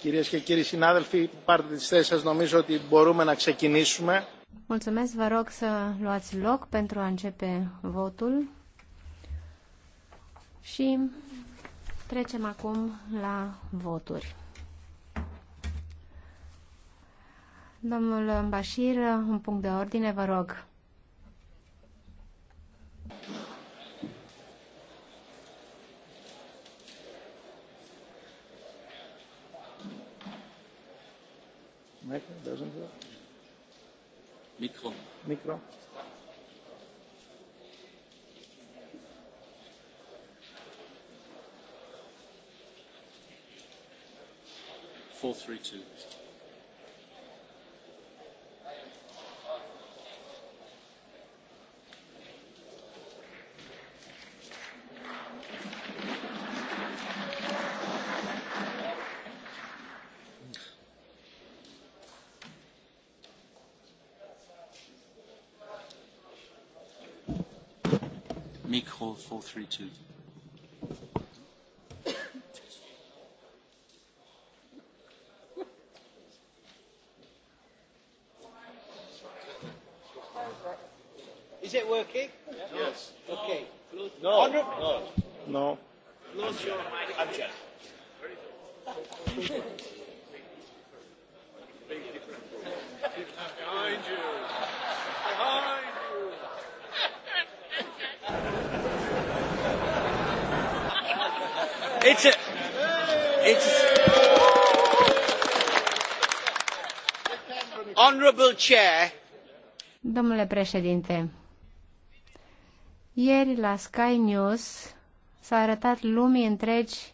Κυρίες και κύριοι συνάδελφοι, πάρτε τις θέσεις σας. Νομίζω ότι μπορούμε να ξεκινήσουμε. Mulțumesc, vă rog să luați loc pentru a începe votul. Și trecem acum la voturi. Domnul Bashir, un punct de ordine, vă rog. Micro. Micro. Four, three, two. Micro 432. Is it working? Yes. Okay. No. No. It's a, it's honorable chair. Domnule președinte, ieri la Sky News s-a arătat lumii întregi